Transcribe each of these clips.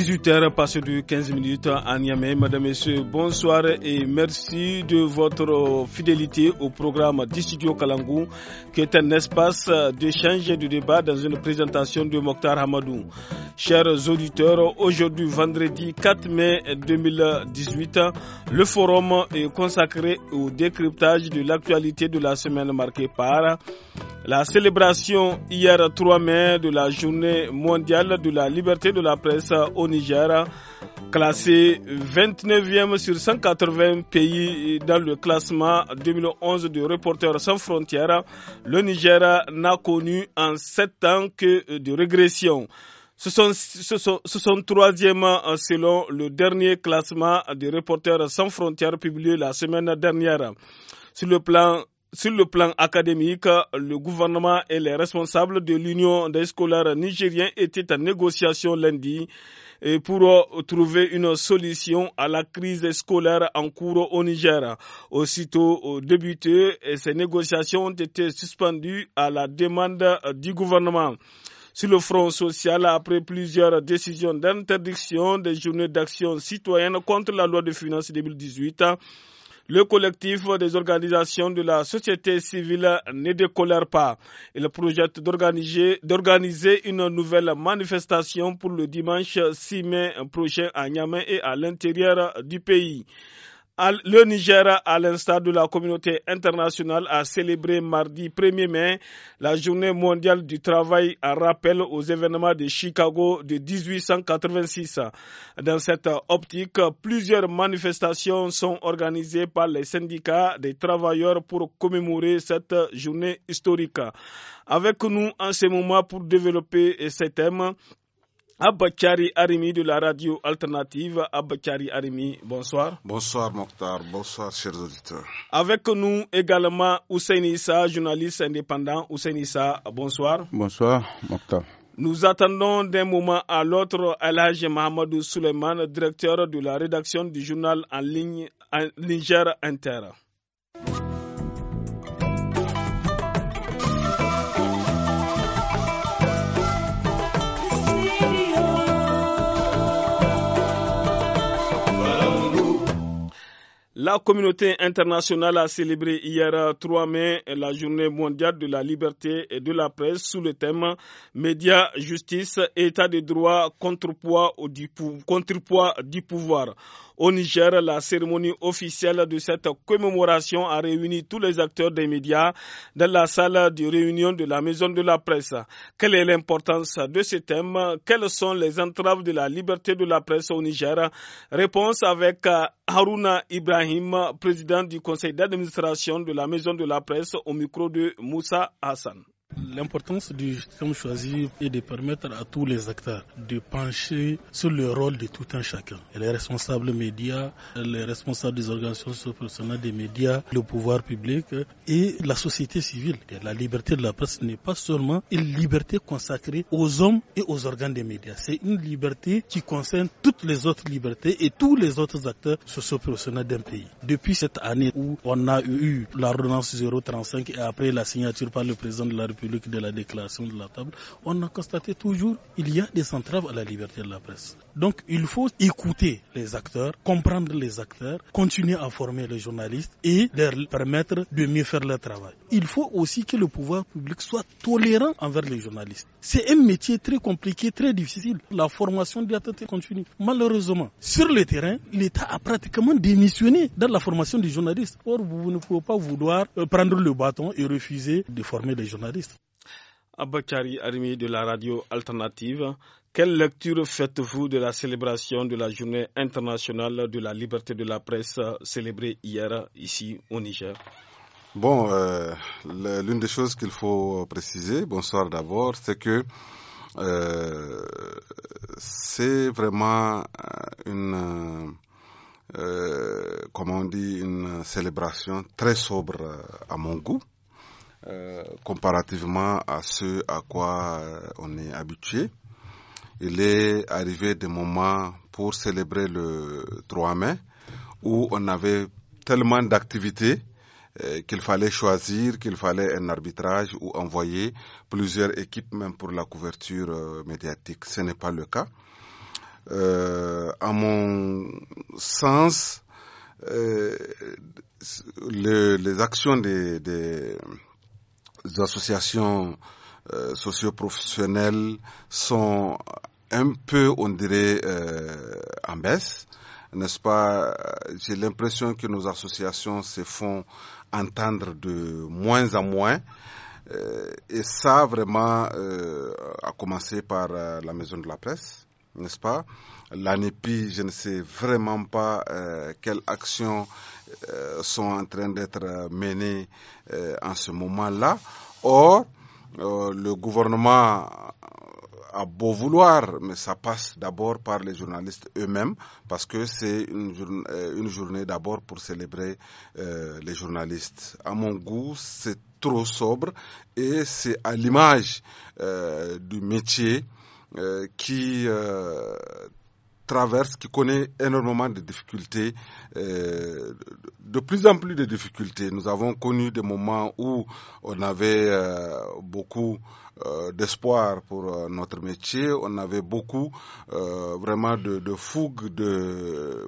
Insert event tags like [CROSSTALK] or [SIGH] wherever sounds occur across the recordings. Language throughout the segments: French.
18h, passé de 15 minutes à Niamey. Madame, Messieurs, bonsoir et merci de votre fidélité au programme Distudio Kalangou, qui est un espace d'échange et de débat dans une présentation de Mokhtar Hamadou. Chers auditeurs, aujourd'hui, vendredi 4 mai 2018, le forum est consacré au décryptage de l'actualité de la semaine marquée par la célébration hier 3 mai de la journée mondiale de la liberté de la presse au Niger, classée 29e sur 180 pays dans le classement 2011 de Reporters sans frontières, le Niger n'a connu en sept ans que de régression. Ce sont, troisièmes selon le dernier classement des Reporters sans frontières publié la semaine dernière. Sur le plan sur le plan académique, le gouvernement et les responsables de l'Union des scolaires nigériens étaient en négociation lundi pour euh, trouver une solution à la crise scolaire en cours au Niger. Aussitôt euh, débutées, ces négociations ont été suspendues à la demande euh, du gouvernement sur le front social après plusieurs décisions d'interdiction des journées d'action citoyenne contre la loi de finances 2018. Le collectif des organisations de la société civile ne décolère pas. le projette d'organiser une nouvelle manifestation pour le dimanche 6 mai prochain à Niamen et à l'intérieur du pays. Le Niger, à l'instar de la communauté internationale, a célébré mardi 1er mai la journée mondiale du travail en rappel aux événements de Chicago de 1886. Dans cette optique, plusieurs manifestations sont organisées par les syndicats des travailleurs pour commémorer cette journée historique. Avec nous en ce moment pour développer ces thèmes, Abakari Arimi de la radio alternative. Abakari Arimi, bonsoir. Bonsoir Mokhtar, bonsoir chers auditeurs. Avec nous également Hussein Issa, journaliste indépendant. Hussein Issa, bonsoir. Bonsoir Mokhtar. Nous attendons d'un moment à l'autre Alhaj Mahamadou Suleiman, directeur de la rédaction du journal en ligne Niger Inter. La communauté internationale a célébré hier 3 mai la journée mondiale de la liberté et de la presse sous le thème Médias, justice, état de droit, contrepoids du pouvoir. Au Niger, la cérémonie officielle de cette commémoration a réuni tous les acteurs des médias dans la salle de réunion de la Maison de la Presse. Quelle est l'importance de ce thème Quelles sont les entraves de la liberté de la presse au Niger Réponse avec euh, Haruna Ibrahim, président du conseil d'administration de la Maison de la Presse, au micro de Moussa Hassan. L'importance du système choisi est de permettre à tous les acteurs de pencher sur le rôle de tout un chacun. Les responsables médias, les responsables des organisations personnel des médias, le pouvoir public et la société civile. La liberté de la presse n'est pas seulement une liberté consacrée aux hommes et aux organes des médias. C'est une liberté qui concerne toutes les autres libertés et tous les autres acteurs socio-professionnels d'un pays. Depuis cette année où on a eu l'ordonnance 035 et après la signature par le président de la République, public de la déclaration de la table, on a constaté toujours il y a des entraves à la liberté de la presse. Donc il faut écouter les acteurs, comprendre les acteurs, continuer à former les journalistes et leur permettre de mieux faire leur travail. Il faut aussi que le pouvoir public soit tolérant envers les journalistes. C'est un métier très compliqué, très difficile. La formation doit être continue. Malheureusement, sur le terrain, l'État a pratiquement démissionné dans la formation des journalistes. Or, vous ne pouvez pas vouloir euh, prendre le bâton et refuser de former les journalistes. Abakari Arimi de la radio alternative. Quelle lecture faites-vous de la célébration de la journée internationale de la liberté de la presse célébrée hier ici au Niger Bon, euh, l'une des choses qu'il faut préciser, bonsoir d'abord, c'est que euh, c'est vraiment euh, une, comment on dit, une célébration très sobre à mon goût. Euh, comparativement à ce à quoi euh, on est habitué. Il est arrivé des moments pour célébrer le 3 mai où on avait tellement d'activités euh, qu'il fallait choisir, qu'il fallait un arbitrage ou envoyer plusieurs équipes même pour la couverture médiatique. Ce n'est pas le cas. Euh, à mon sens, les actions des, des, les associations euh, socioprofessionnelles sont un peu, on dirait, euh, en baisse. N'est-ce pas J'ai l'impression que nos associations se font entendre de moins en moins. Euh, et ça, vraiment, a commencé par la maison de la presse n'est-ce pas L'ANEPI, je ne sais vraiment pas euh, quelles actions euh, sont en train d'être euh, menées en ce moment-là. Or, le gouvernement a beau vouloir, mais ça passe d'abord par les journalistes eux-mêmes, parce que c'est une, journée d'abord pour célébrer les journalistes. À mon goût, c'est trop sobre et c'est à l'image du métier euh, qui euh, traverse, qui connaît énormément de difficultés, euh, de plus en plus de difficultés. Nous avons connu des moments où on avait beaucoup euh, d'espoir pour euh, notre métier. On avait beaucoup euh, vraiment de, de, fougue, de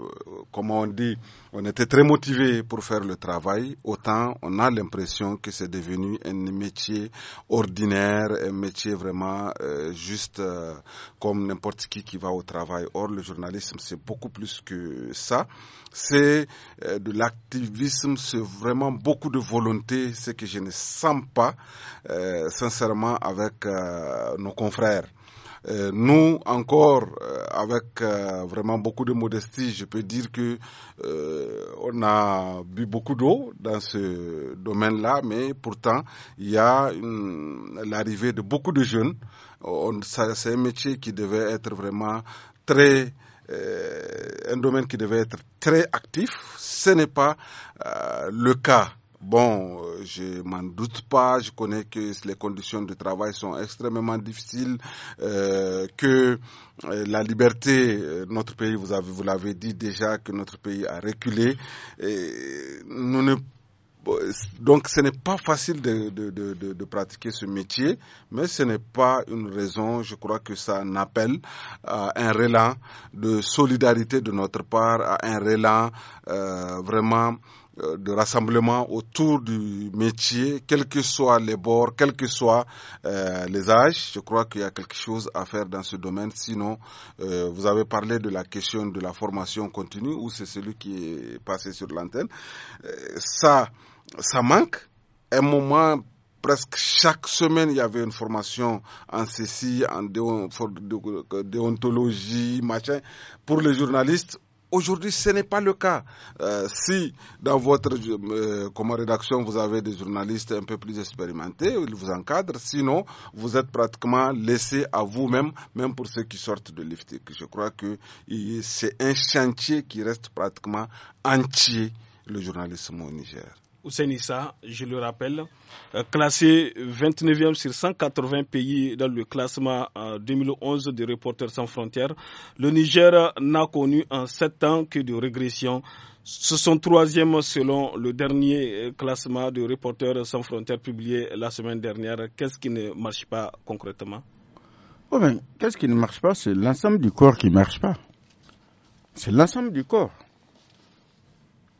comment on dit, on était très motivé pour faire le travail. Autant on a l'impression que c'est devenu un métier ordinaire, un métier vraiment juste comme n'importe qui qui va au travail. Or le journalisme c'est beaucoup plus que ça. C'est de l'activisme, c'est vraiment beaucoup de volonté, ce que je ne sens pas sincèrement avec avec euh, nos confrères. Euh, nous, encore, euh, avec vraiment beaucoup de modestie, je peux dire que on a bu beaucoup d'eau dans ce domaine-là, mais pourtant, il y a l'arrivée de beaucoup de jeunes. C'est un métier qui devait être vraiment très un domaine qui devait être très actif, ce n'est pas le cas. Bon, euh, je m'en doute pas, je connais que les conditions de travail sont extrêmement difficiles, euh, que euh, la liberté, notre pays, vous l'avez dit déjà, que notre pays a reculé. donc ce n'est pas facile de, pratiquer ce métier, mais ce n'est pas une raison, je crois que ça n'appelle à un relan de solidarité de notre part, à un relan vraiment euh, de rassemblement autour du métier, quels que soient les bords, quels que soient euh, les âges. Je crois qu'il y a quelque chose à faire dans ce domaine. Sinon, euh, vous avez parlé de la question de la formation continue, ou c'est celui qui est passé sur l'antenne. ça, ça manque. Un moment presque chaque semaine, il y avait une formation en ceci, en déontologie, machin, pour les journalistes, Aujourd'hui, ce n'est pas le cas. Euh, si dans votre euh, comme rédaction, vous avez des journalistes un peu plus expérimentés, ils vous encadrent. Sinon, vous êtes pratiquement laissé à vous-même, même pour ceux qui sortent de l'IFTIC. Je crois que c'est un chantier qui reste pratiquement entier, le journalisme au Niger. Ousenissa, je le rappelle, euh, classé 29e sur 180 pays dans le classement 2011 euh, des Reporters sans frontières, le Niger n'a connu en sept ans que de régression. Ce sont e selon le dernier euh, classement de Reporters sans frontières publié la semaine dernière. Qu'est-ce qui ne marche pas concrètement oh, Qu'est-ce qui ne marche pas C'est l'ensemble du corps qui ne marche pas. C'est l'ensemble du corps.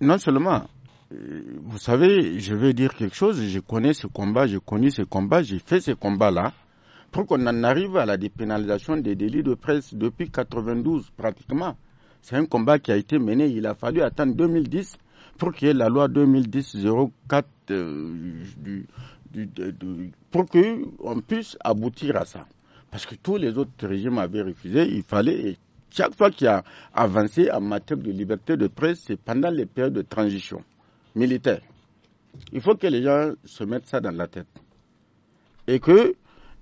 Non seulement euh, vous savez, je vais dire quelque chose, je connais ce combat, j'ai connu ce combat, j'ai fait ce combat-là, pour qu'on en arrive à la dépénalisation des délits de presse depuis 92 pratiquement. C'est un combat qui a été mené, il a fallu attendre 2010 pour qu'il y ait la loi 2010-04 euh, du, du, du, pour qu'on puisse aboutir à ça. Parce que tous les autres régimes avaient refusé, il fallait, chaque fois qu'il y a avancé en matière de liberté de presse, c'est pendant les périodes de transition militaire. Il faut que les gens se mettent ça dans la tête. Et que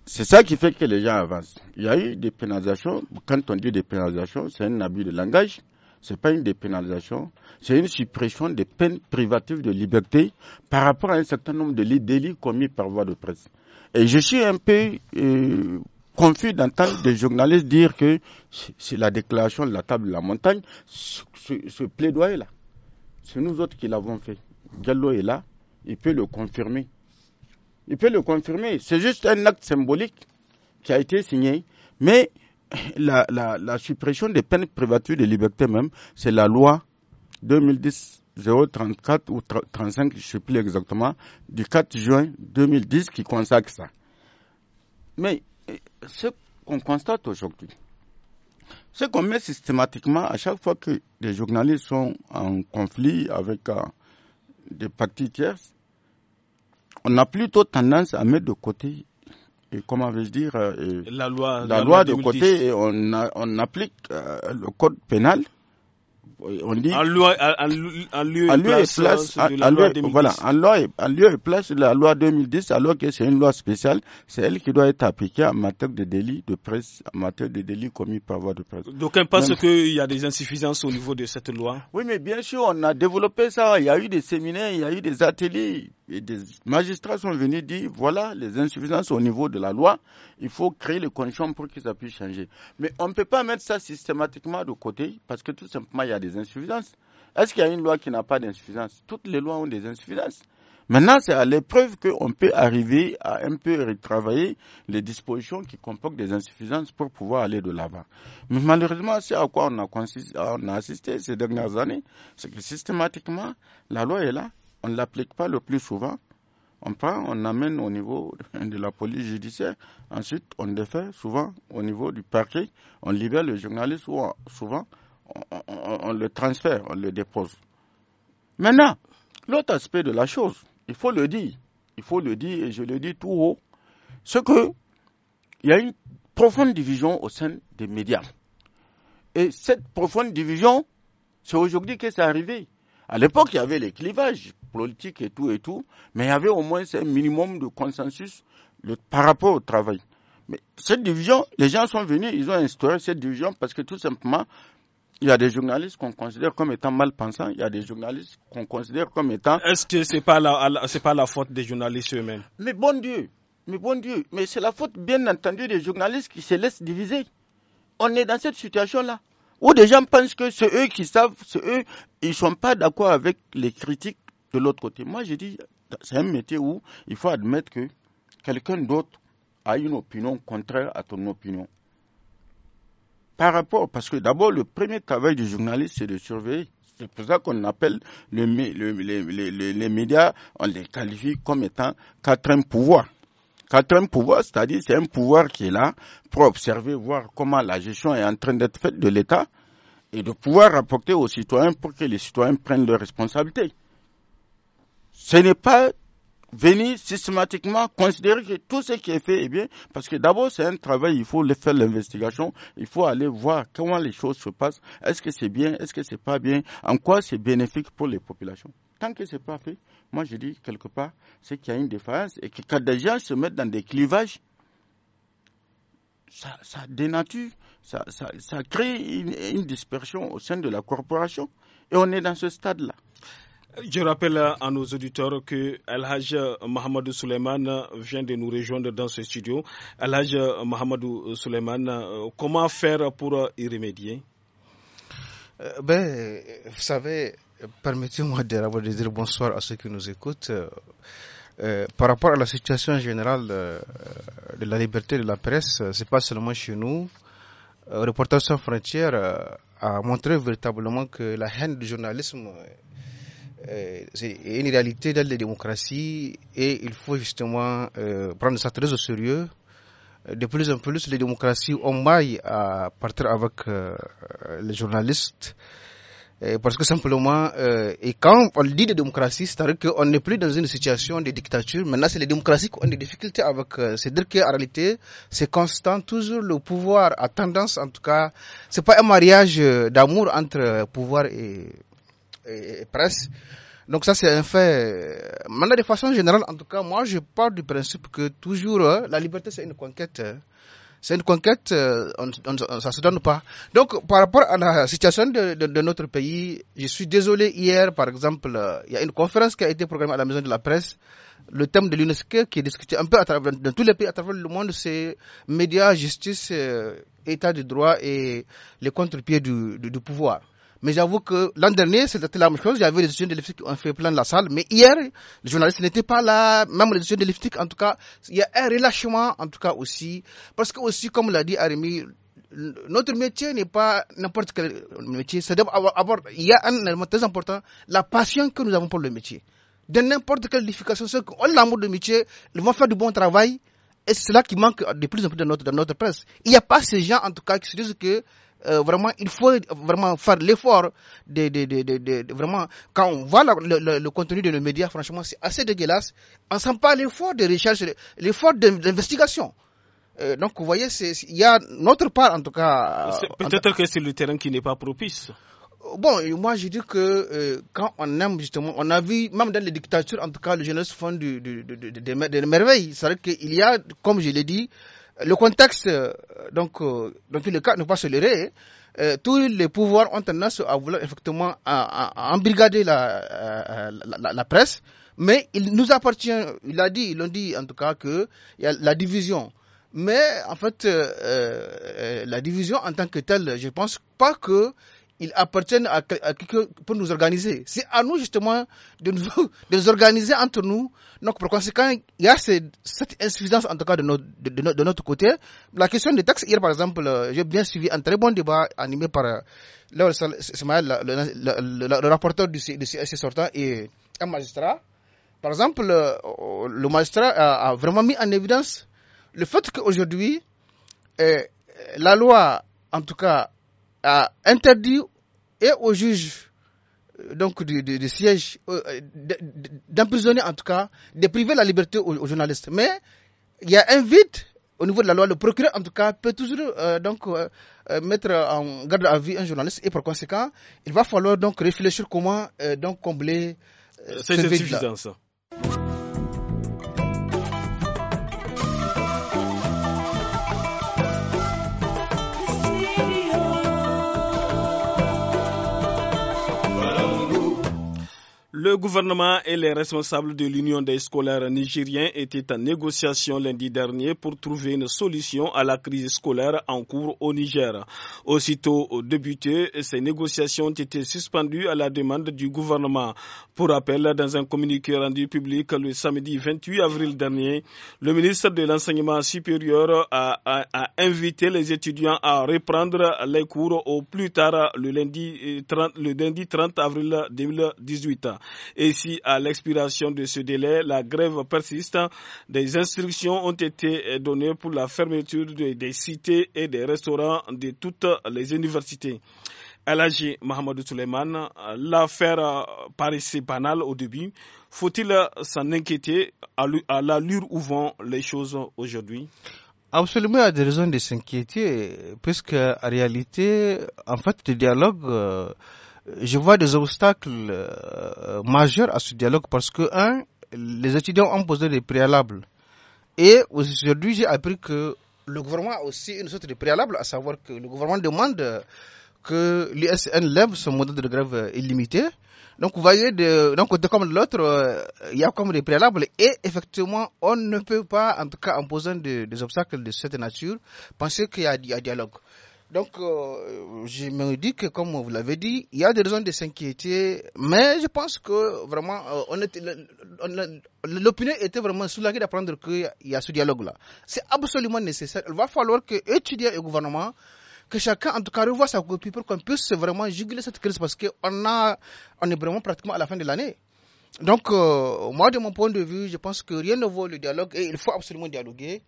c'est ça qui fait que les gens avancent. Il y a eu des pénalisations. Quand on dit des pénalisations, c'est un abus de langage. C'est pas une dépénalisation, c'est une suppression des peines privatives de liberté par rapport à un certain nombre de délits commis par voie de presse. Et je suis un peu euh, confus d'entendre des journalistes dire que c'est la déclaration de la table de la montagne, ce plaidoyer-là. C'est nous autres qui l'avons fait. Gallo est là, il peut le confirmer. Il peut le confirmer. C'est juste un acte symbolique qui a été signé. Mais la, suppression des peines privatives de liberté même, c'est la loi 2010. 034 ou 35, je ne sais plus exactement, du 4 juin 2010 qui consacre ça. Mais euh, ce qu'on constate aujourd'hui, ce qu'on met systématiquement à chaque fois que les journalistes sont en conflit avec euh, des parties tierces, on a plutôt tendance à mettre de côté, et comment vais-je dire, euh, la loi, de côté et on, applique euh, le code pénal on dit. En lieu, et place, la loi 2010. en, lieu et place la loi 2010, alors que c'est une loi spéciale, c'est elle qui doit être appliquée en matière de délit de presse, en matière de délit commis par voie de presse. Donc, pense qu'il y a des insuffisances au niveau de cette loi Oui, mais bien sûr, on a développé ça. Il y a eu des séminaires, il y a eu des ateliers. Et des magistrats sont venus dire voilà les insuffisances au niveau de la loi, il faut créer les conditions pour que ça puisse changer. Mais on ne peut pas mettre ça systématiquement de côté parce que tout simplement il y a des insuffisances. Est-ce qu'il y a une loi qui n'a pas d'insuffisance Toutes les lois ont des insuffisances. Maintenant, c'est à l'épreuve qu'on peut arriver à un peu retravailler les dispositions qui comportent des insuffisances pour pouvoir aller de l'avant. Mais malheureusement, c'est à quoi on a, on assisté ces dernières années, c'est que systématiquement, la loi est là, on ne l'applique pas le plus souvent. On prend, on amène au niveau de la police judiciaire, ensuite on défait souvent au niveau du parquet, on libère le journaliste souvent on, le transfère, on le dépose. Maintenant, l'autre aspect de la chose, il faut le dire, il faut le dire et je le dis tout haut, c'est qu'il y a une profonde division au sein des médias. Et cette profonde division, c'est aujourd'hui que c'est arrivé. À l'époque, il y avait les clivages politiques et tout et tout, mais il y avait au moins un minimum de consensus par rapport au travail. Mais cette division, les gens sont venus, ils ont instauré cette division parce que tout simplement, il y a des journalistes qu'on considère comme étant mal pensants, il y a des journalistes qu'on considère comme étant. Est-ce que ce n'est pas, la, pas la faute des journalistes eux-mêmes Mais bon Dieu, mais bon Dieu, mais c'est la faute bien entendu des journalistes qui se laissent diviser. On est dans cette situation-là où des gens pensent que c'est eux qui savent, c'est eux, ils ne sont pas d'accord avec les critiques de l'autre côté. Moi, je dis, c'est un métier où il faut admettre que quelqu'un d'autre a une opinion contraire à ton opinion par rapport, parce que d'abord, le premier travail du journaliste, c'est de surveiller. C'est pour ça qu'on appelle les médias, on les qualifie comme étant quatrième pouvoir. Quatrième pouvoir, c'est-à-dire c'est un pouvoir qui est là pour observer, voir comment la gestion est en train d'être faite de l'État et de pouvoir rapporter aux citoyens pour que les citoyens prennent leurs responsabilités. Ce n'est pas venir systématiquement considérer que tout ce qui est fait est bien, parce que d'abord c'est un travail, il faut faire l'investigation, il faut aller voir comment les choses se passent, est-ce que c'est bien, est-ce que c'est pas bien, en quoi c'est bénéfique pour les populations. Tant que c'est pas fait, moi je dis quelque part, c'est qu'il y a une défaillance et que quand des gens se mettent dans des clivages, ça, ça dénature, ça, ça, ça crée une dispersion au sein de la corporation et on est dans ce stade-là. Je rappelle à nos auditeurs que Alhaj Mohamedou Suleiman vient de nous rejoindre dans ce studio. Alhaj Mohamedou Suleiman, euh, comment faire pour y remédier euh, ben, Vous savez, permettez-moi de dire bonsoir à ceux qui nous écoutent. Euh, par rapport à la situation générale de la liberté de la presse, c'est pas seulement chez nous. Reporters sans frontières a montré véritablement que la haine du journalisme euh, c'est une réalité dans les démocraties et il faut justement euh, prendre ça très au sérieux. De plus en plus, les démocraties ont maille à partir avec euh, les journalistes. parce que simplement, euh, et quand on dit de démocratie, c'est-à-dire qu'on n'est plus dans une situation de dictature. Maintenant, c'est les démocraties qui ont des difficultés avec. C'est-à-dire qu'en réalité, c'est constant. Toujours le pouvoir a tendance, en tout cas, c'est pas un mariage d'amour entre pouvoir et presse. Donc ça, c'est un fait. Euh, Maintenant, de façon générale, en tout cas, moi, je pars du principe que toujours, euh, la liberté, c'est une conquête. Euh. c'est une conquête, on, ça se donne pas. Donc, par rapport à la situation de, de, notre pays, je suis désolé, hier, par exemple, il y a une conférence qui a été programmée à la Maison de la Presse. Le thème de l'UNESCO qui est discuté un peu à dans tous les pays à travers le monde, c'est médias, justice, état de droit et les contre-pieds du, du pouvoir. Mais j'avoue que l'an dernier, c'était la même chose. J'avais les étudiants de l'électricité qui ont fait plein de la salle. Mais hier, les journalistes n'étaient pas là. Même les étudiants de l'électricité en tout cas, il y a un relâchement, en tout cas aussi. Parce que aussi, comme l'a dit Arémi, notre métier n'est pas n'importe quel métier. C'est d'abord, il y a un élément très important, la passion que nous avons pour le métier. De n'importe quelle qualification, ceux qui ont l'amour de métier, ils vont faire du bon travail, et c'est cela qui manque de plus en plus dans notre, dans notre presse. Il n'y a pas ces gens, en tout cas, qui se disent que euh, vraiment, il faut vraiment faire l'effort de, de, de, de, vraiment, quand on voit le, le, contenu de nos médias, franchement, c'est assez dégueulasse. On ne sent pas l'effort de recherche, l'effort d'investigation. Euh, donc, vous voyez, il y a notre part, en tout cas. Peut-être que c'est le terrain qui n'est pas propice. Bon, moi je dis que euh, quand on aime justement, on a vu même dans les dictatures, en tout cas, le jeunesse font des de, merveilles. cest vrai qu'il y a, comme je l'ai dit, le contexte, euh, donc, euh, dans tous les cas, ne pas se leurrer. Hein. Euh, tous les pouvoirs ont tendance à vouloir effectivement à, à embrigader la, presse, mais il nous appartient, il a dit, ils l'ont dit en tout cas, qu'il y a la division. Mais en fait, la division en tant que telle, je pense pas que il appartiennent à, à quelqu'un pour nous organiser. C'est à nous justement de nous, [LAUGHS] de nous organiser entre nous. Donc par conséquent, il y a cette, insuffisance en tout cas de notre, de, notre côté. La question des taxes, hier par exemple, euh, j'ai bien suivi un très bon débat animé par euh, le, le, rapporteur du, du CSC sortant et un magistrat. Par exemple, euh, le, magistrat a, vraiment mis en évidence le fait qu'aujourd'hui, la loi, en tout cas, a interdit et aux juge euh, donc du, siège euh, d'emprisonner en tout cas, de priver la liberté aux, journalistes. Mais il y a un vide au niveau de la loi, le procureur, en tout cas, peut toujours euh, donc mettre en garde à vue un journaliste et par conséquent, il va falloir donc réfléchir comment donc combler cette insuffisance. Le gouvernement et les responsables de l'Union des scolaires nigériens étaient en négociation lundi dernier pour trouver une solution à la crise scolaire en cours au Niger. Aussitôt débutées, ces négociations ont été suspendues à la demande du gouvernement. Pour rappel, dans un communiqué rendu public le samedi 28 avril dernier, le ministre de l'Enseignement supérieur a, invité les étudiants à reprendre les cours au plus tard le lundi euh, le lundi 30 avril 2018. Et si à l'expiration de ce délai, la grève persiste, des instructions ont été données pour la fermeture des, cités et des restaurants de toutes les universités. Alagi Mohamedou Suleiman, l'affaire paraissait banale au début. Faut-il s'en inquiéter à l'allure où vont les choses aujourd'hui Absolument, il y a des raisons de s'inquiéter, puisque en réalité, en fait, le dialogue euh, euh, je vois des obstacles euh, majeurs à ce dialogue parce que, un, les étudiants ont posé des préalables. Et aujourd'hui, j'ai appris que le gouvernement a aussi une sorte de préalable, à savoir que le gouvernement demande que l'USN lève son modèle de grève illimité. Donc, vous voyez, d'un côté comme de l'autre, euh, il y a comme des préalables. Et effectivement, on ne peut pas, en tout cas en posant des, obstacles de cette nature, penser qu'il y a, y a dialogue. Donc, euh, je me dis que, comme vous l'avez dit, il y a des raisons de s'inquiéter, mais je pense que vraiment, euh, on était, l'opinion était vraiment soulagée d'apprendre qu'il y a ce dialogue-là. C'est absolument nécessaire. Il va falloir que étudiants et gouvernement, que chacun, en tout cas, revoie sa copie pour qu'on puisse vraiment juguler cette crise parce qu'on a, on est vraiment pratiquement à la fin de l'année. Donc, euh, moi, de mon point de vue, je pense que rien ne vaut le dialogue et il faut absolument dialoguer.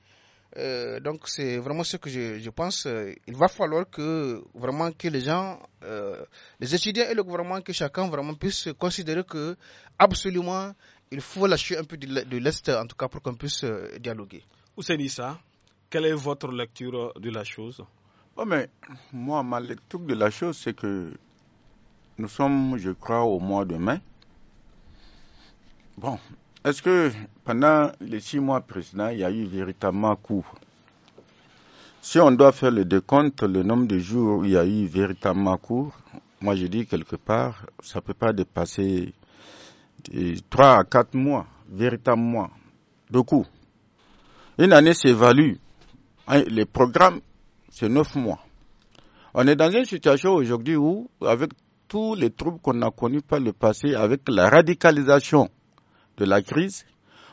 Euh, donc c'est vraiment ce que je, pense. Euh, il va falloir que vraiment que les gens, euh, les étudiants et le gouvernement, que chacun vraiment puisse considérer que absolument il faut lâcher un peu de l'est en tout cas pour qu'on puisse dialoguer. ça quelle est votre lecture de la chose oh mais, Moi, ma lecture de la chose, c'est que nous sommes, je crois, au mois de mai. Bon, est-ce que pendant les six mois précédents, il y a eu véritablement coup Si on doit faire le décompte, le nombre de jours où il y a eu véritablement cours, moi je dis quelque part, ça ne peut pas dépasser trois à quatre mois, véritablement, de cours. Une année s'évalue. Hein, les programmes, c'est neuf mois. On est dans une situation aujourd'hui où, avec tous les troubles qu'on a connus par le passé, avec la radicalisation, de la crise,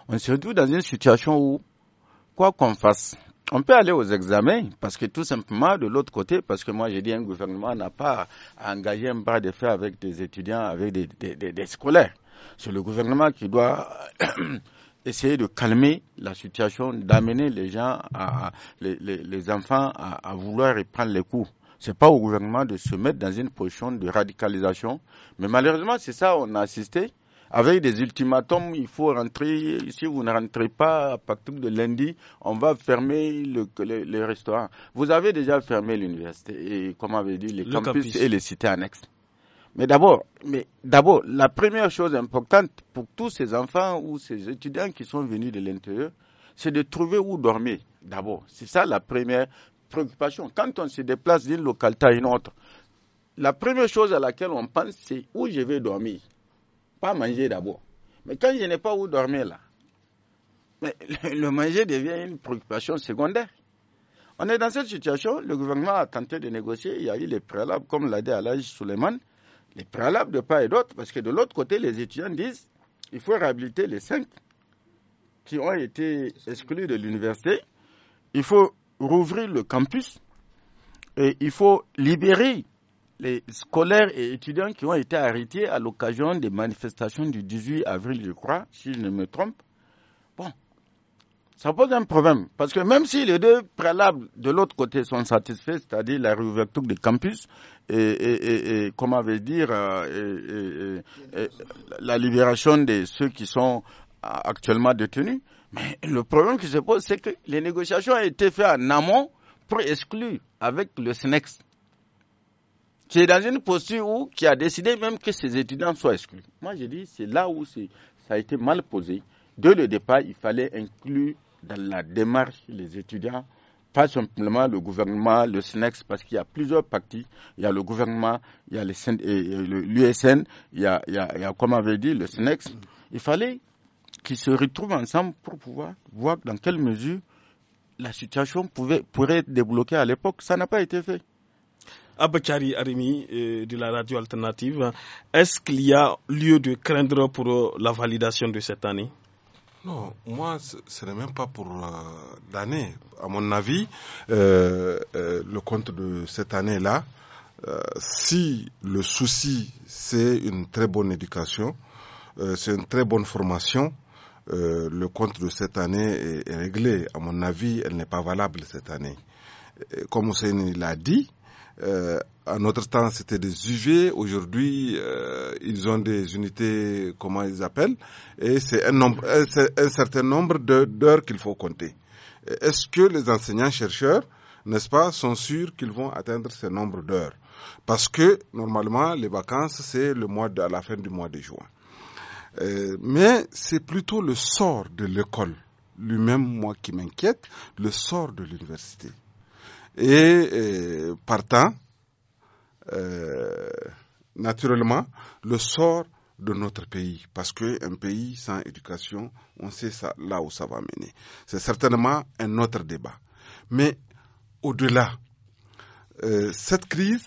on se retrouve dans une situation où, quoi qu'on fasse, on peut aller aux examens parce que tout simplement de l'autre côté, parce que moi j'ai dit un gouvernement n'a pas à engager un bras de fer avec des étudiants, avec des, des, des, scolaires. C'est le gouvernement qui doit [COUGHS] essayer de calmer la situation, d'amener les gens, à, les, les, les enfants à, vouloir y prendre les cours. C'est pas au gouvernement de se mettre dans une position de radicalisation. Mais malheureusement, c'est ça on a assisté avec des ultimatums, il faut rentrer. Si vous ne rentrez pas à partir de lundi, on va fermer le, le, les restaurants. Vous avez déjà fermé l'université et, comme avait dit, les campus, campus, et les cités annexes. Mais d'abord, mais d'abord, la première chose importante pour tous ces enfants ou ces étudiants qui sont venus de l'intérieur, c'est de trouver où dormir. D'abord, c'est ça la première préoccupation. Quand on se déplace d'une localité à une autre, la première chose à laquelle on pense, c'est où je vais dormir pas manger d'abord. Mais quand je n'ai pas où dormir là, [LAUGHS] le manger devient une préoccupation secondaire. On est dans cette situation, le gouvernement a tenté de négocier, il y a eu les préalables, comme l'a dit Alain Souleyman, les préalables de part et d'autre, parce que de l'autre côté, les étudiants disent il faut réhabiliter les cinq qui ont été exclus de l'université, il faut rouvrir le campus et il faut libérer les scolaires et étudiants qui ont été arrêtés à l'occasion des manifestations du 18 avril, je crois, si je ne me trompe. Bon, ça pose un problème. Parce que même si les deux préalables de l'autre côté sont satisfaits, c'est-à-dire la réouverture des campus et, et, et, comment veut dire, la libération de ceux qui sont euh, actuellement détenus, mais le problème qui se pose, c'est que les négociations ont été faites en amont pour exclure avec le SNEX. C'est dans une posture où qui a décidé même que ses étudiants soient exclus. Moi, je dis, c'est là où ça a été mal posé. Dès le départ, il fallait inclure dans la démarche les étudiants, pas simplement le gouvernement, le SNEX, parce qu'il y a plusieurs parties. Il y a le gouvernement, il y a l'USN, il, y a, comme avait dit, le SNEX. Il fallait qu'ils se retrouvent ensemble pour pouvoir voir dans quelle mesure la situation pourrait être débloquée à l'époque. Ça n'a pas été fait. Abachari Arimi euh, de la radio alternative, est-ce qu'il y a lieu de craindre pour euh, la validation de cette année non, moi, ce n'est même pas pour l'année. À mon avis, euh, le compte de cette année-là, si le souci, c'est une très bonne éducation, c'est une très bonne formation, le compte de cette année est, réglé. À mon avis, elle n'est pas valable cette année. comme Hussein l'a dit, euh, à notre temps, c'était des UV. Aujourd'hui, euh, ils ont des unités, comment ils appellent, et c'est un, euh, certain nombre d'heures qu'il faut compter. Est-ce que les enseignants-chercheurs, n'est-ce pas, sont sûrs qu'ils vont atteindre ce nombre d'heures Parce que, normalement, les vacances, c'est le mois à la fin du mois de juin. Euh, mais c'est plutôt le sort de l'école lui-même, moi, qui m'inquiète, le sort de l'université. Et euh, partant, euh, naturellement, le sort de notre pays, parce qu'un pays sans éducation, on sait là où ça va mener. C'est certainement un autre débat. Mais au-delà, euh, cette crise,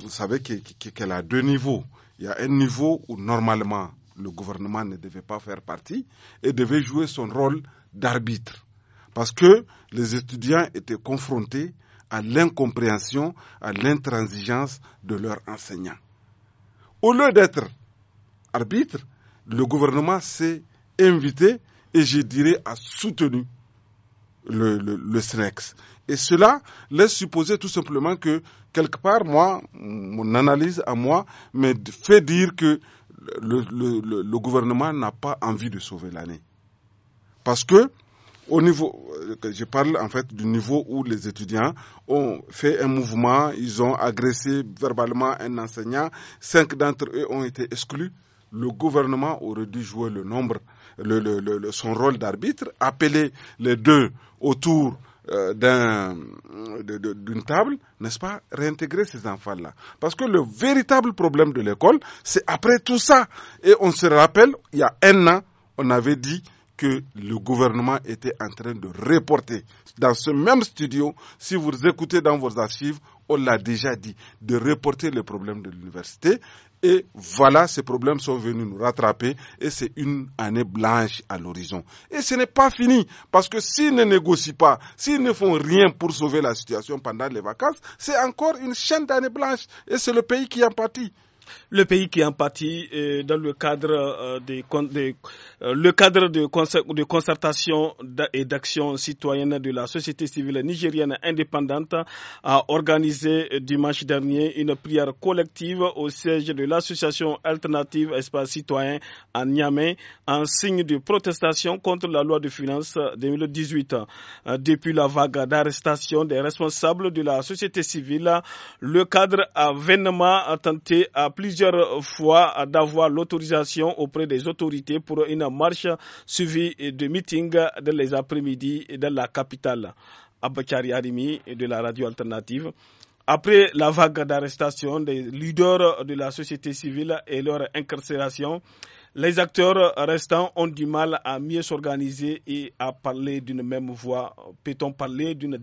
vous savez qu'elle a deux niveaux. Il y a un niveau où normalement le gouvernement ne devait pas faire partie et devait jouer son rôle d'arbitre parce que les étudiants étaient confrontés à l'incompréhension, à l'intransigeance de leurs enseignants. Au lieu d'être arbitre, le gouvernement s'est invité et je dirais a soutenu le, le, le SNEX. Et cela laisse supposer tout simplement que, quelque part, moi, mon analyse à moi me fait dire que le, le gouvernement n'a pas envie de sauver l'année. Parce que au niveau, euh, je parle en fait du niveau où les étudiants ont fait un mouvement, ils ont agressé verbalement un enseignant, cinq d'entre eux ont été exclus. Le gouvernement aurait dû jouer le nombre, son rôle d'arbitre, appeler les deux autour euh, d'une table, n'est-ce pas, réintégrer ces enfants-là. Parce que le véritable problème de l'école, c'est après tout ça. Et on se rappelle, il y a un an, on avait dit que le gouvernement était en train de reporter. Dans ce même studio, si vous écoutez dans vos archives, on l'a déjà dit, de reporter les problèmes de l'université. Et voilà, ces problèmes sont venus nous rattraper et c'est une année blanche à l'horizon. Et ce n'est pas fini, parce que s'ils ne négocient pas, s'ils ne font rien pour sauver la situation pendant les vacances, c'est encore une chaîne d'années blanches et c'est le pays qui en pâtit. Le pays qui en pâtit euh, dans le cadre euh, des, des, euh, le cadre de, concertation et d'action citoyenne de la société civile nigérienne indépendante a organisé euh, dimanche dernier une prière collective au siège de l'association alternative Espace Citoyen à Niamey en signe de protestation contre la loi de finances 2018. Euh, depuis la vague d'arrestation des responsables de la société civile, le cadre a vainement tenté à plusieurs fois d'avoir l'autorisation auprès des autorités pour une marche suivie de meetings dans les après-midi dans la capitale. Abakari Arimi de la radio alternative. Après la vague d'arrestation des leaders de la société civile et leur incarcération, les acteurs restants ont du mal à mieux s'organiser et à parler d'une même voix. Peut-on parler d'une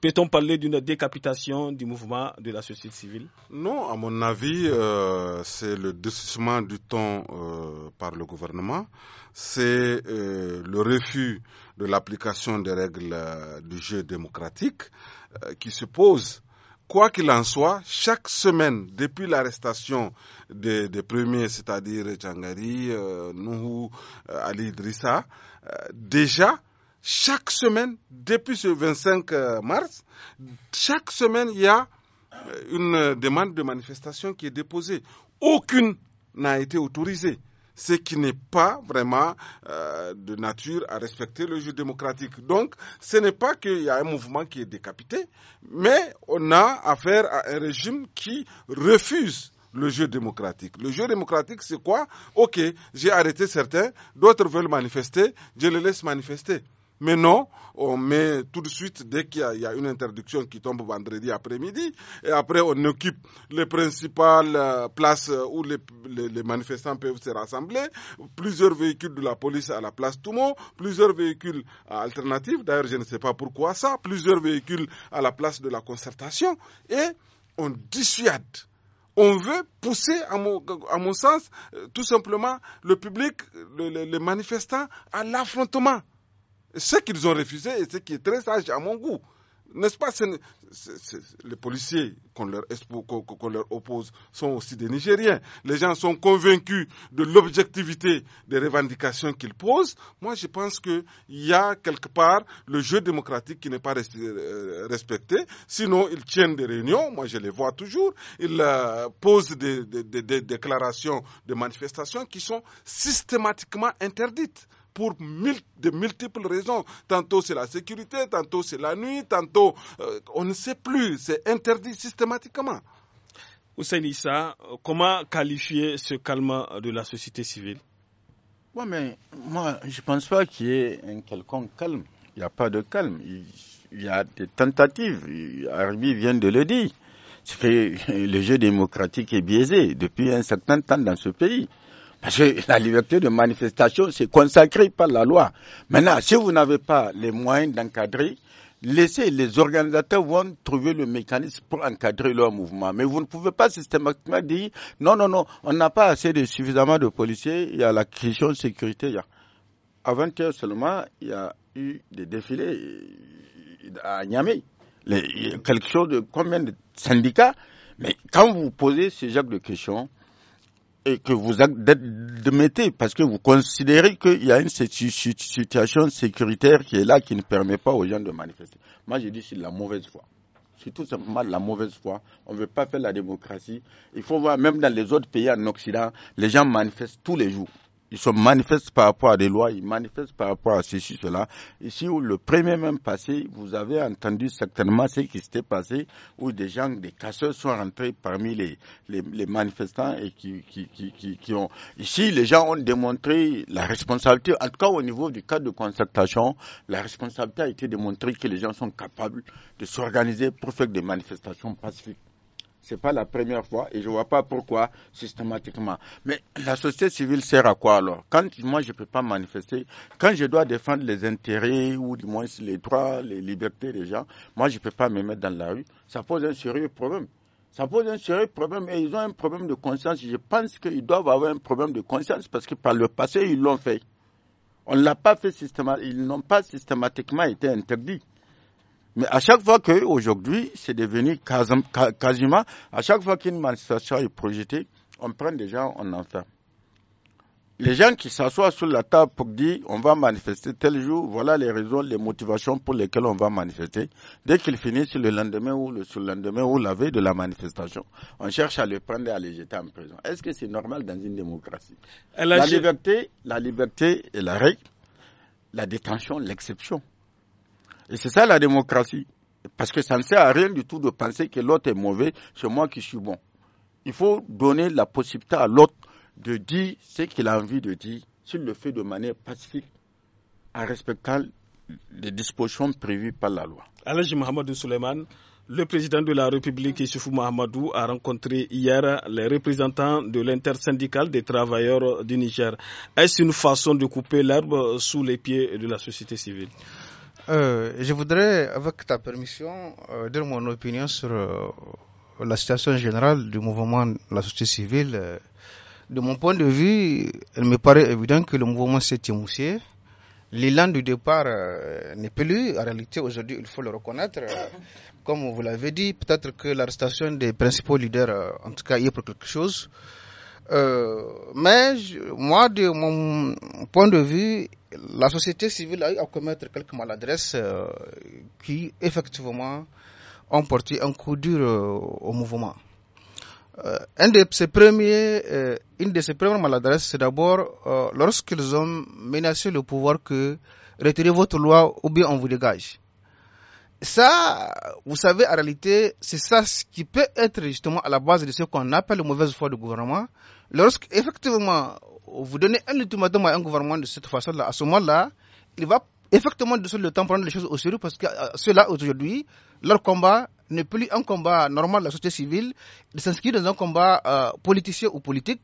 Peut-on parler d'une décapitation du mouvement de la société civile Non, à mon avis, euh, c'est le dessucement du temps euh, par le gouvernement, c'est euh, le refus de l'application des règles euh, du jeu démocratique euh, qui se pose. Quoi qu'il en soit, chaque semaine, depuis l'arrestation des, des, premiers, c'est-à-dire Tchangari, euh, Nuhu, Ali Idrissa, déjà, chaque semaine, depuis ce 25 euh, mars, chaque semaine, il y a euh, une euh, demande de manifestation qui est déposée. Aucune n'a été autorisée, ce qui n'est pas vraiment de nature à respecter le jeu démocratique. Donc, ce n'est pas qu'il y a un mouvement qui est décapité, mais on a affaire à un régime qui refuse le jeu démocratique. Le jeu démocratique, c'est quoi Ok, j'ai arrêté certains, d'autres veulent manifester, je les laisse manifester. Mais non, on met tout de suite, dès qu'il y, a une interdiction qui tombe vendredi après-midi, et après on occupe les principales euh, places euh, où les, manifestants peuvent se rassembler, plusieurs véhicules de la police à la place Toumo, plusieurs véhicules alternatifs, d'ailleurs je ne sais pas pourquoi ça, plusieurs véhicules à la place de la concertation, et on dissuade on veut pousser, à mon, sens, euh, tout simplement le public, les manifestants à l'affrontement. Ce qu'ils ont refusé, et ce qui est très sage à mon goût, n'est-ce pas Les policiers qu'on leur, oppose sont aussi des Nigériens. Les gens sont convaincus de l'objectivité des revendications qu'ils posent. Moi, je pense qu'il y a quelque part le jeu démocratique qui n'est pas euh, respecté. Sinon, ils tiennent des réunions, moi je les vois toujours. Ils euh, posent des, des, déclarations, de manifestations qui sont systématiquement interdites pour de multiples raisons. Tantôt c'est la sécurité, tantôt c'est la nuit, tantôt euh, on ne sait plus. C'est interdit systématiquement. Hussein Issa, comment qualifier ce calme de la société civile mais moi, je ne pense pas qu'il y ait un quelconque calme. Il n'y a pas de calme. Il y a des tentatives. Arbi vient de le dire. Que [LAUGHS] le jeu démocratique est biaisé depuis un certain temps dans ce pays. Parce que la liberté de manifestation, c'est consacré par la loi. Maintenant, si vous n'avez pas les moyens d'encadrer, laissez les organisateurs vont trouver le mécanisme pour encadrer leur mouvement. Mais vous ne pouvez pas systématiquement dire non, non, non, on n'a pas assez de suffisamment de policiers, il y a la question de sécurité. Il Avant hier seulement, il y a eu des défilés euh, à Niamey. quelque chose de combien de syndicats Mais quand vous posez ce genre de questions, et que vous admettez parce que vous considérez qu'il y a une situation sécuritaire qui est là qui ne permet pas aux gens de manifester. Moi, je dis c'est la mauvaise foi. C'est tout simplement la mauvaise foi. On ne veut pas faire la démocratie. Il faut voir, même dans les autres pays en Occident, les gens manifestent tous les jours ils se manifestent par rapport à des lois, ils manifestent par rapport à ceci, cela. Ici, où le premier même passé, vous avez entendu certainement ce qui s'était passé, où des gens, des casseurs sont rentrés parmi les, manifestants et qui, qui, qui, qui, ont... Ici, les gens ont démontré la responsabilité, en tout cas au niveau du cadre de concertation, la responsabilité a été démontrée que les gens sont capables de s'organiser pour faire des manifestations pacifiques. Ce n'est pas la première fois et je ne vois pas pourquoi systématiquement. Mais la société civile sert à quoi alors Quand moi je ne peux pas manifester, quand je dois défendre les intérêts ou du moins les droits, les libertés des gens, moi je ne peux pas me mettre dans la rue. Ça pose un sérieux problème. Ça pose un sérieux problème et ils ont un problème de conscience. Je pense qu'ils doivent avoir un problème de conscience parce que par le passé, ils l'ont fait. On ne l'a pas fait systématiquement. Ils n'ont pas systématiquement été interdits. Mais à chaque fois qu'aujourd'hui, c'est devenu quasiment, à chaque fois qu'une manifestation est projetée, on prend des gens, en fait. Les gens qui s'assoient sur la table pour dire on va manifester tel jour, voilà les raisons, les motivations pour lesquelles on va manifester. Dès qu'ils finissent le lendemain ou le sous-lendemain ou la veille de la manifestation, on cherche à les prendre et à les jeter en prison. Est-ce que c'est normal dans une démocratie la liberté, la liberté est la règle, la détention l'exception. Et c'est ça la démocratie. Parce que ça ne sert à rien du tout de penser que l'autre est mauvais, c'est moi qui suis bon. Il faut donner la possibilité à l'autre de dire ce qu'il a envie de dire, s'il le fait de manière pacifique, en respectant les dispositions prévues par la loi. Alaji Mohamedou Souleymane, le président de la République, Issoufou Mahamadou, a rencontré hier les représentants de l'intersyndicale des travailleurs du Niger. Est-ce une façon de couper l'herbe sous les pieds de la société civile euh, je voudrais, avec ta permission, euh, dire mon opinion sur euh, la situation générale du mouvement de la société civile. Euh, de mon point de vue, il me paraît évident que le mouvement s'est émoussé. L'élan du départ n'est plus. En réalité, aujourd'hui, il faut le reconnaître. Comme vous l'avez dit, peut-être que l'arrestation des principaux leaders, en tout cas, y est pour quelque chose. mais moi, de mon point de vue, la société civile a eu à commettre quelques maladresses euh, qui, effectivement, ont porté un coup dur euh, au mouvement. Euh, une de ces premières maladresses, c'est d'abord lorsqu'ils ont menacé le pouvoir que retirez votre loi ou bien on vous dégage. Ça, vous savez, en réalité, c'est ça ce qui peut être justement à la base de ce qu'on appelle la mauvaise foi du gouvernement. Lorsque, effectivement, vous donnez un ultimatum à un gouvernement de cette façon-là, à ce moment-là, il va effectivement de le temps prendre les choses au sérieux parce que euh, cela aujourd'hui, leur combat n'est plus un combat normal de la société civile, il s'inscrit dans un combat euh, politicien ou politique.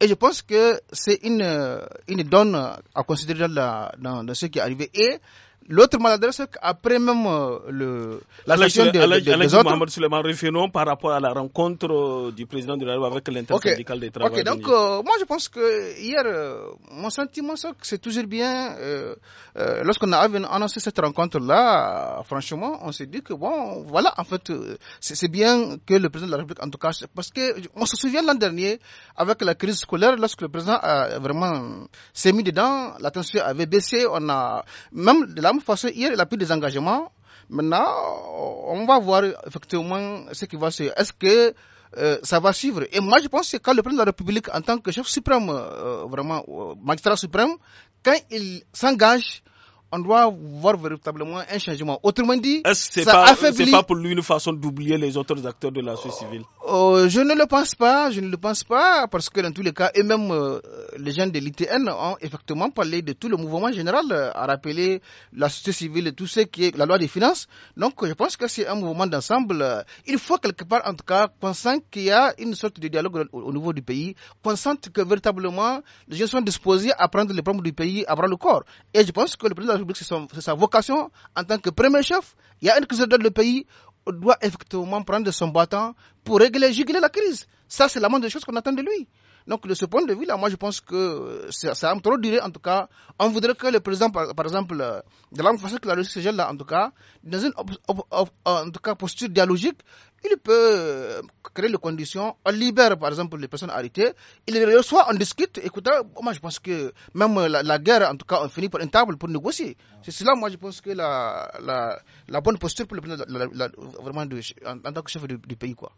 Et je pense que c'est une, euh, une donne à considérer dans, dans, ce qui est arrivé. Et L'autre maladresse, c'est qu'après même euh, le, la session des, des, des, des autres... Suleiman, revenons par rapport à la rencontre euh, du président de la République avec l'intersyndicale des travailleurs. Ok, donc euh, moi je pense que hier, mon sentiment c'est que c'est toujours bien, lorsqu'on a annoncé cette rencontre-là, franchement, on s'est dit que bon, voilà, en fait, c'est bien que le président de la République, en tout cas, parce que on se souvient l'an dernier, avec la crise scolaire, lorsque le président a vraiment s'est mis dedans, la avait baissé, on a... Même de la parce façon, hier, il a pris des engagements. Maintenant, on va voir effectivement ce qui va se. Est-ce que euh, ça va suivre Et moi, je pense que quand le président de la République, en tant que chef suprême, euh, vraiment, euh, magistrat suprême, quand il s'engage, on doit voir véritablement un changement. Autrement dit, -ce ça pas, affaiblit. C'est pas pour lui une façon d'oublier les autres acteurs de la société civile. Euh, euh, je ne le pense pas, je ne le pense pas, parce que dans tous les cas, et même euh, les gens de l'ITN ont effectivement parlé de tout le mouvement général, à rappeler la société civile, et tout ce qui est la loi des finances. Donc, je pense que c'est un mouvement d'ensemble. Il faut quelque part, en tout cas, qu'on qu'il y a une sorte de dialogue au, niveau du pays, qu'on que véritablement les gens sont disposés à prendre les problèmes du pays à bras le corps. Et je pense que le président c'est sa vocation en tant que premier chef. Il y a une crise de le pays, on doit effectivement prendre son bâton pour régler, juguler la crise. Ça, c'est la moindre des choses qu'on attend de lui. Donc, de ce point de vue-là, moi, je pense que ça, a trop duré, en tout cas. On voudrait que le président, par, exemple, euh, de la même façon que la Russie se gèle là, en tout cas, dans une en tout cas, posture dialogique, il peut euh, créer les conditions, on euh, libère par exemple les personnes arrêtées, il les reçoit, on discute, écoutez, moi je pense que même euh, la, guerre, en tout cas, on finit par une table pour négocier. C'est cela, moi je pense que la, la, bonne posture pour le président, vraiment en, tant que chef du pays. quoi.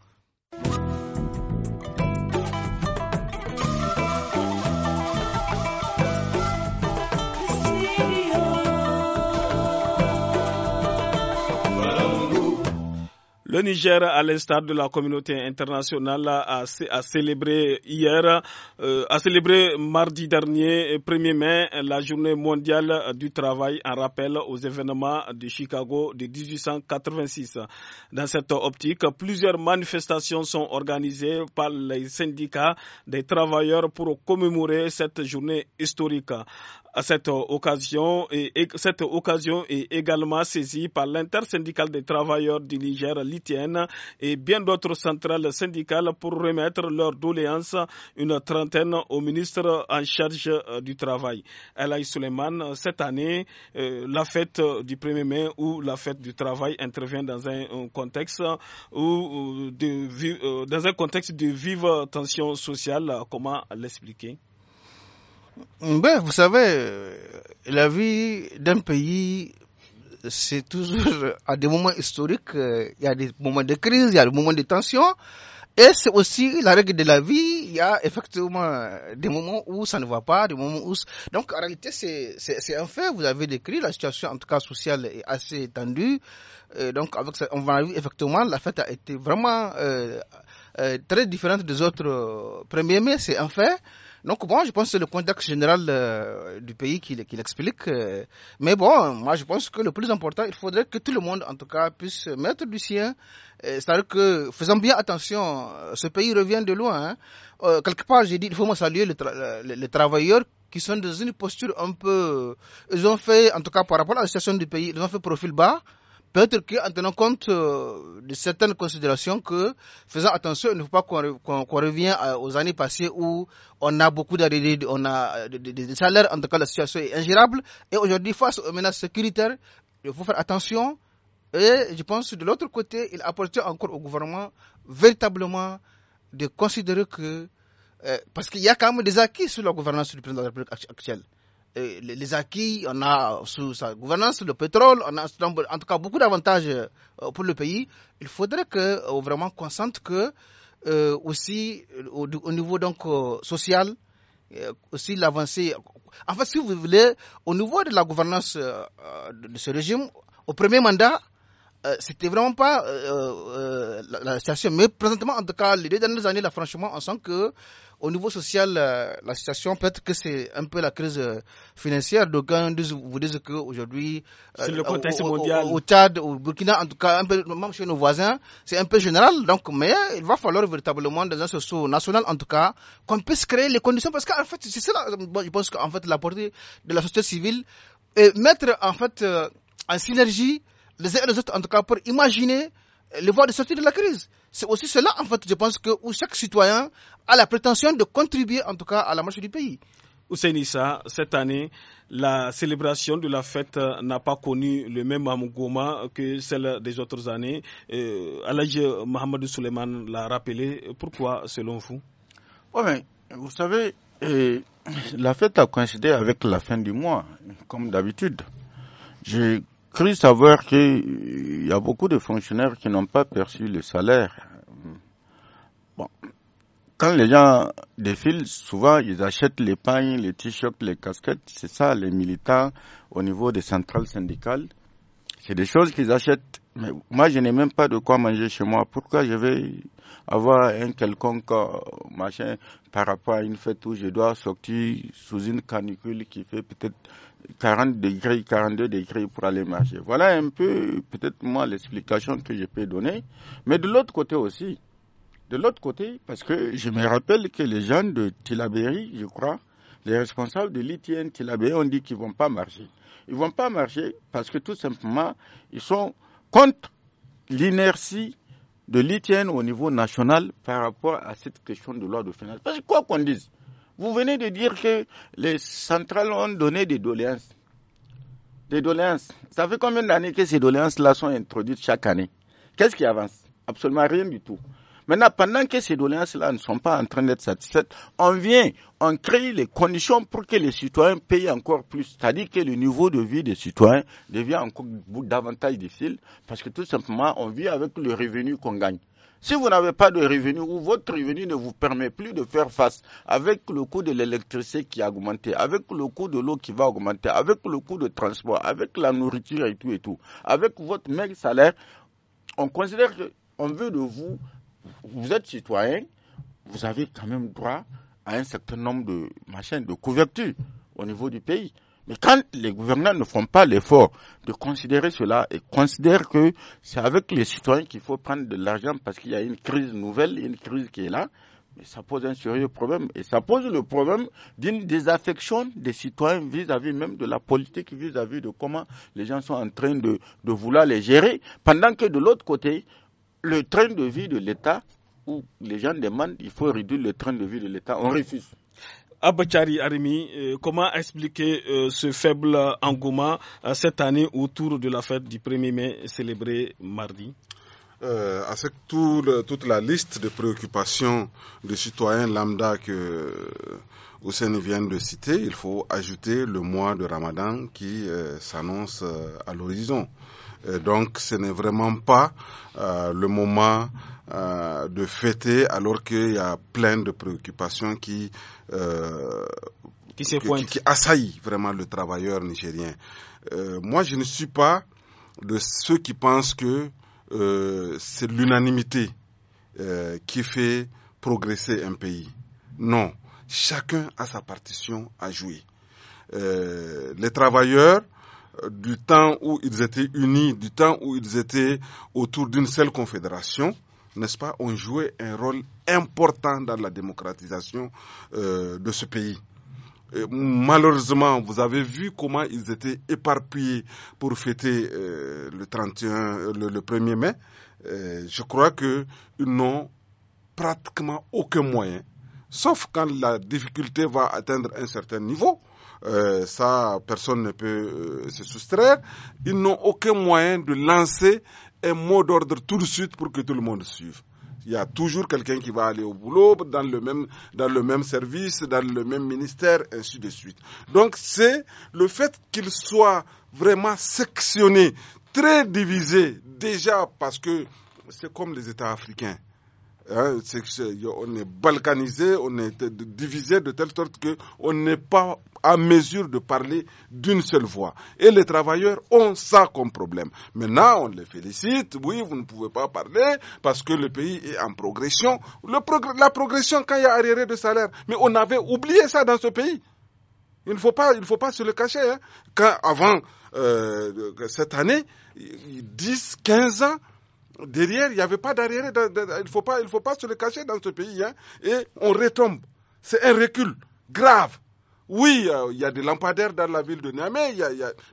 Le Niger, à l'instar de la communauté internationale, a, célébré hier, euh, a célébré mardi dernier, 1er euh, mai, la journée mondiale du travail en rappel aux événements de Chicago de 1886. Dans cette optique, plusieurs manifestations sont organisées par les syndicats des travailleurs pour commémorer cette journée historique. À cette occasion, cette occasion est également saisie par l'intersyndicale des travailleurs du Niger, et bien d'autres centrales syndicales pour remettre leurs doléances, une trentaine, au ministre en charge euh, du Travail. Alaï Suleiman, cette année, euh, la fête du 1er mai ou la fête du travail intervient dans un contexte où de, euh, dans un contexte de vive tension sociale. Comment l'expliquer ben, vous savez, la vie d'un pays c'est toujours à des moments historiques, euh, il y a des moments de crise, il y a des moments de tension. Et c'est aussi la règle de la vie. Il y a effectivement euh, des moments où ça ne va pas, des moments où. Donc en réalité, c'est un fait. Vous avez décrit la situation, en tout cas sociale, est assez tendue. Euh, donc avec ça, on va effectivement, la fête a été vraiment très différente des autres 1er mai, c'est un fait. Donc bon, je pense que c'est le contexte général euh, du pays qui, l'explique. Euh, mais bon, moi je pense que le plus important, il faudrait que tout le monde, en tout cas, puisse mettre du sien. Euh, c'est-à-dire que, faisons bien attention, ce pays revient de loin. Hein. quelque part, j'ai dit, il faut me saluer les, les travailleurs qui sont dans une posture un peu... Ils ont fait, en tout cas par rapport à la situation du pays, ils ont fait profil bas. Peut-être qu'en tenant compte euh, de certaines considérations que, faisant attention, il ne faut pas qu'on revient revienne euh, aux années passées où on a beaucoup d'arrivées, on a des, salaires, en tout cas la situation est ingérable. Et aujourd'hui, face aux menaces sécuritaires, il faut faire attention. Et je pense que de l'autre côté, il apporte encore au gouvernement véritablement de considérer que, euh, parce qu'il y a quand même des acquis sur la gouvernance du président de la République actuelle. Euh, les acquis, on a sous sa gouvernance le pétrole, on a en tout cas beaucoup d'avantages euh, pour le pays. Il faudrait que euh, vraiment qu'on sente que euh, aussi au, niveau donc social aussi l'avancée. En fait, si vous voulez, au niveau de la gouvernance de ce régime, au premier mandat, euh, c'était vraiment pas euh, euh, la, situation. Mais présentement, en tout cas, les deux dernières années, là, franchement, on sent que au niveau social, euh, la, situation peut-être que c'est un peu la crise euh, financière. D'aucuns vous disent qu'aujourd'hui, euh, le contexte au, mondial. Au, Tchad, au Burkina, en tout cas, un peu, même chez nos voisins, c'est un peu général. Donc, mais il va falloir véritablement, dans un socio national, en tout cas, qu'on puisse créer les conditions. Parce qu'en fait, c'est ça je pense qu'en fait, la portée de la société civile, et mettre en fait en synergie les uns et les autres, en tout cas, pour imaginer les voies de sortie de la crise. C'est aussi cela, en fait, je pense que où chaque citoyen a la prétention de contribuer, en tout cas, à la marche du pays. Ousseinissa, cette année, la célébration de la fête euh, n'a pas connu le même goma que celle des autres années. Euh, Alaj Mohamed Souleiman l'a rappelé. Pourquoi, selon vous Oui, mais vous savez, euh, la fête a coïncidé avec la fin du mois, comme d'habitude. Je cru savoir qu'il euh, y a beaucoup de fonctionnaires qui n'ont pas perçu le salaire. Bon. Quand les gens défilent, souvent ils achètent les pains, les t-shirts, les casquettes. C'est ça, les militants au niveau des centrales syndicales. C'est des choses qu'ils achètent. Mais moi, je n'ai même pas de quoi manger chez moi. Pourquoi je vais avoir un quelconque euh, machin par rapport à une fête où je dois sortir sous une canicule qui fait peut-être 40 degrés, 42 degrés pour aller marcher. Voilà un peu peut-être moi l'explication que je peux donner. Mais de l'autre côté aussi, de l'autre côté, parce que je me rappelle que les gens de Tilabéry, je crois, les responsables de l'ITN Tilabéry ont dit qu'ils ne vont pas marcher. Ils ne vont pas marcher parce que tout simplement, ils sont contre l'inertie de l'ITN au niveau national par rapport à cette question de loi de finances. Parce que quoi qu'on dise, vous venez de dire que les centrales ont donné des doléances. Des doléances. Ça fait combien d'années que ces doléances-là sont introduites chaque année Qu'est-ce qui avance Absolument rien du tout. Maintenant, pendant que ces doléances-là ne sont pas en train d'être satisfaites, on vient, on crée les conditions pour que les citoyens payent encore plus. C'est-à-dire que le niveau de vie des citoyens devient encore davantage difficile parce que tout simplement, on vit avec le revenu qu'on gagne. Si vous n'avez pas de revenu ou votre revenu ne vous permet plus de faire face avec le coût de l'électricité qui a augmenté, avec le coût de l'eau qui va augmenter, avec le coût de transport, avec la nourriture et tout et tout, avec votre maigre salaire, on considère qu'on veut de vous vous êtes citoyen, vous avez quand même droit à un certain nombre de machines, de couverture au niveau du pays. Mais quand les gouvernants ne font pas l'effort de considérer cela et considèrent que c'est avec les citoyens qu'il faut prendre de l'argent parce qu'il y a une crise nouvelle, une crise qui est là, mais ça pose un sérieux problème. Et ça pose le problème d'une désaffection des citoyens vis-à-vis même de la politique, vis-à-vis de comment les gens sont en train de vouloir les gérer. Pendant que de l'autre côté, le train de vie de l'État, où les gens demandent, il faut réduire le train de vie de l'État, on refuse. Abachari Arimi, euh, comment expliquer euh, ce faible engouement euh, cette année autour de la fête du 1er mai célébrée mardi euh, avec toute la liste de préoccupations des citoyens lambda que Hussein vient de citer, il faut ajouter le mois de Ramadan qui s'annonce à l'horizon donc ce n'est vraiment pas euh, le moment euh, de fêter alors qu'il y a plein de préoccupations qui, euh, qui, qui assaillent vraiment le travailleur nigérien. moi, je ne suis pas de ceux qui pensent que c'est l'unanimité qui fait progresser un pays. Non, chacun a sa partition à jouer. les travailleurs du temps où ils étaient unis, du temps où ils étaient autour d'une seule confédération, n'est-ce pas, ont joué un rôle important dans la démocratisation euh, de ce pays. malheureusement, vous avez vu comment ils étaient éparpillés pour fêter euh, le 31, le, 1er mai. Euh, je crois qu'ils n'ont pratiquement aucun moyen, sauf quand la difficulté va atteindre un certain niveau euh, ça personne ne peut euh, se soustraire, ils n'ont aucun moyen de lancer un mot d'ordre tout de suite pour que tout le monde suive. Il y a toujours quelqu'un qui va aller au boulot dans le même dans le même service, dans le même ministère, ainsi de suite. Donc c'est le fait qu'ils soient vraiment sectionnés, très divisés déjà parce que c'est comme les États africains. Hein, on est balkanisé, on est divisé de telle sorte que on n'est pas à mesure de parler d'une seule voix. Et les travailleurs ont ça comme problème. Maintenant, on les félicite. Oui, vous ne pouvez pas parler parce que le pays est en progression. la progression quand il y a arriéré de salaire. Mais on avait oublié ça dans ce pays. Il ne faut pas, il faut pas se le cacher. Hein. Quand, avant euh, cette année, 10, 15 ans, Derrière, il n'y avait pas d'arrière. Il ne faut, pas, se le cacher dans ce pays. Hein, et on retombe. C'est un recul grave. Oui, euh, il y a des lampadaires dans la ville de Niamey,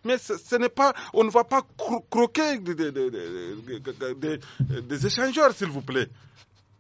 mais ce, pas, on ne va pas croquer des échangeurs, s'il vous plaît.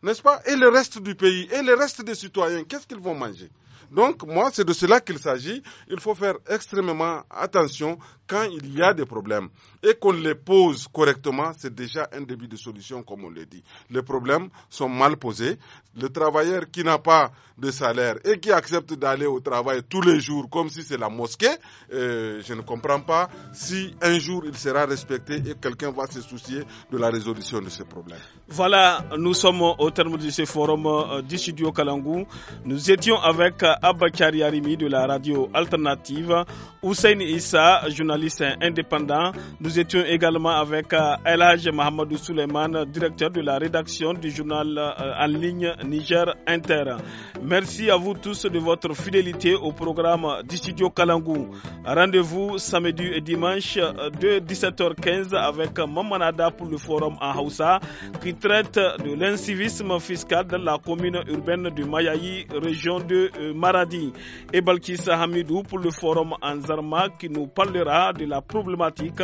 N'est-ce pas Et le reste du pays, et le reste des citoyens, qu'est-ce qu'ils vont manger donc, moi, c'est de cela qu'il s'agit. Il faut faire extrêmement attention quand il y a des problèmes. Et qu'on les pose correctement, c'est déjà un début de solution, comme on le dit. Les problèmes sont mal posés. Le travailleur qui n'a pas de salaire et qui accepte d'aller au travail tous les jours comme si c'est la mosquée, euh, je ne comprends pas si un jour il sera respecté et quelqu'un va se soucier de la résolution de ce problème. Voilà, nous sommes au terme de ce forum euh, du studio Kalangou. Nous étions avec euh, Abba Kariarimi de la radio alternative, Hussein Issa, journaliste indépendant. Nous étions également avec euh, Elhaj Mohamedou Suleiman, directeur de la rédaction du journal euh, en ligne Niger Inter. Merci à vous tous de votre fidélité au programme du studio Kalangou. Rendez-vous samedi et dimanche euh, de 17h15 avec Mamanada pour le forum en Hausa qui traite de l'incivisme fiscal dans la commune urbaine de Mayaï, région de et Balkissa Hamidou pour le forum Anzarma qui nous parlera de la problématique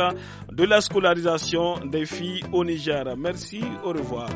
de la scolarisation des filles au Niger. Merci, au revoir.